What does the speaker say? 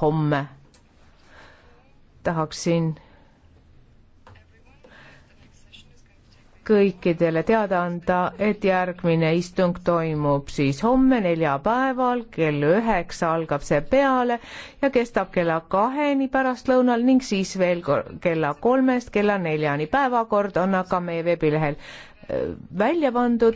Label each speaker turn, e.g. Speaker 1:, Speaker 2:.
Speaker 1: homme. tahaksin kõikidele teada anda, et järgmine istung toimub siis homme neljapäeval, kell üheksa algab see peale ja kestab kella kaheni pärastlõunal ning siis veel kella kolmest kella neljani. päevakord on aga meie veebilehel äh, välja pandud.